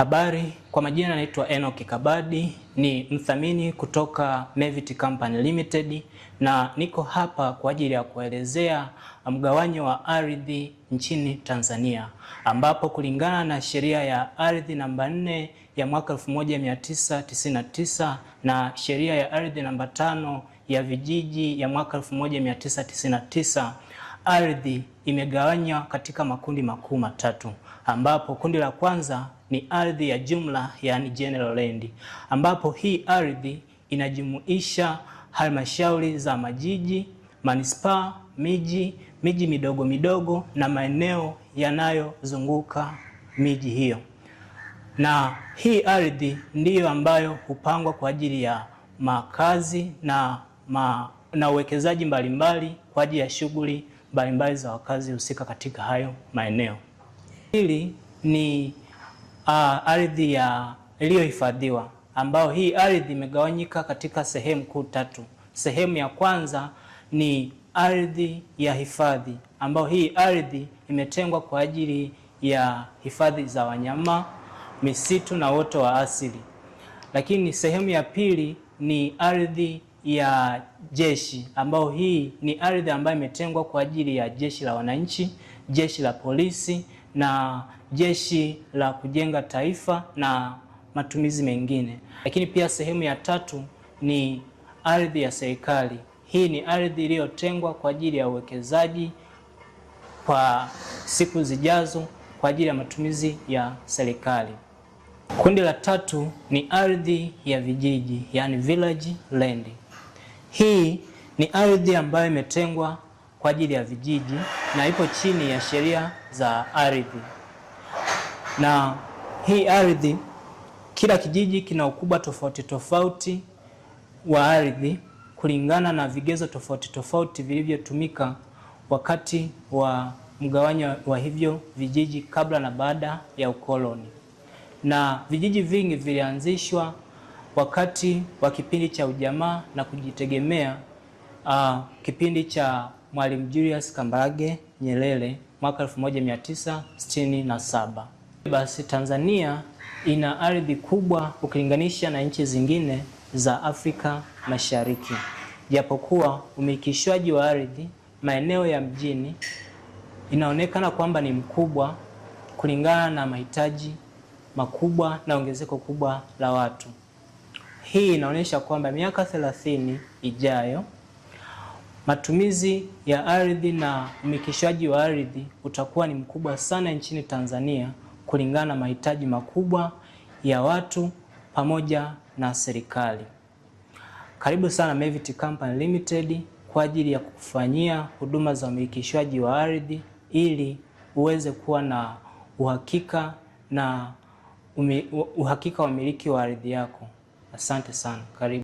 Habari, kwa majina naitwa Enoch Kabadi, ni mthamini kutoka Mevit Company Limited na niko hapa kwa ajili ya kuelezea mgawanyo wa ardhi nchini Tanzania ambapo kulingana na sheria ya ardhi namba 4 ya mwaka 1999 na sheria ya ardhi namba 5 ya vijiji ya mwaka 1999 ardhi imegawanywa katika makundi makuu matatu ambapo kundi la kwanza ni ardhi ya jumla, yani general land, ambapo hii ardhi inajumuisha halmashauri za majiji, manispaa, miji, miji midogo midogo na maeneo yanayozunguka miji hiyo, na hii ardhi ndiyo ambayo hupangwa kwa ajili ya makazi na, ma, na uwekezaji mbalimbali kwa ajili ya shughuli mbalimbali za wakazi husika katika hayo maeneo. Hili ni uh, ardhi ya iliyohifadhiwa ambayo hii ardhi imegawanyika katika sehemu kuu tatu. Sehemu ya kwanza ni ardhi ya hifadhi ambayo hii ardhi imetengwa kwa ajili ya hifadhi za wanyama, misitu na uoto wa asili. Lakini sehemu ya pili ni ardhi ya jeshi ambayo hii ni ardhi ambayo imetengwa kwa ajili ya jeshi la wananchi, jeshi la polisi na jeshi la kujenga taifa na matumizi mengine. Lakini pia sehemu ya tatu ni ardhi ya serikali. Hii ni ardhi iliyotengwa kwa ajili ya uwekezaji kwa siku zijazo kwa ajili ya matumizi ya serikali. Kundi la tatu ni ardhi ya vijiji, yani village land. Hii ni ardhi ambayo imetengwa kwa ajili ya vijiji na ipo chini ya sheria za ardhi. Na hii ardhi, kila kijiji kina ukubwa tofauti tofauti wa ardhi kulingana na vigezo tofauti tofauti vilivyotumika wakati wa mgawanyo wa hivyo vijiji kabla na baada ya ukoloni. Na vijiji vingi vilianzishwa wakati wa kipindi cha ujamaa na kujitegemea, uh, kipindi cha Mwalimu Julius Kambarage Nyerere mwaka 1967. Basi Tanzania ina ardhi kubwa ukilinganisha na nchi zingine za Afrika Mashariki, japokuwa umilishwaji wa ardhi maeneo ya mjini inaonekana kwamba ni mkubwa kulingana na mahitaji makubwa na ongezeko kubwa la watu. Hii inaonyesha kwamba miaka 30 ijayo Matumizi ya ardhi na umikishaji wa ardhi utakuwa ni mkubwa sana nchini Tanzania kulingana na mahitaji makubwa ya watu pamoja na serikali. Karibu sana Mevity Company Limited kwa ajili ya kukufanyia huduma za umilikishwaji wa ardhi ili uweze kuwa na uhakika na umi, uhakika wa umiliki wa ardhi yako. Asante sana. Karibu.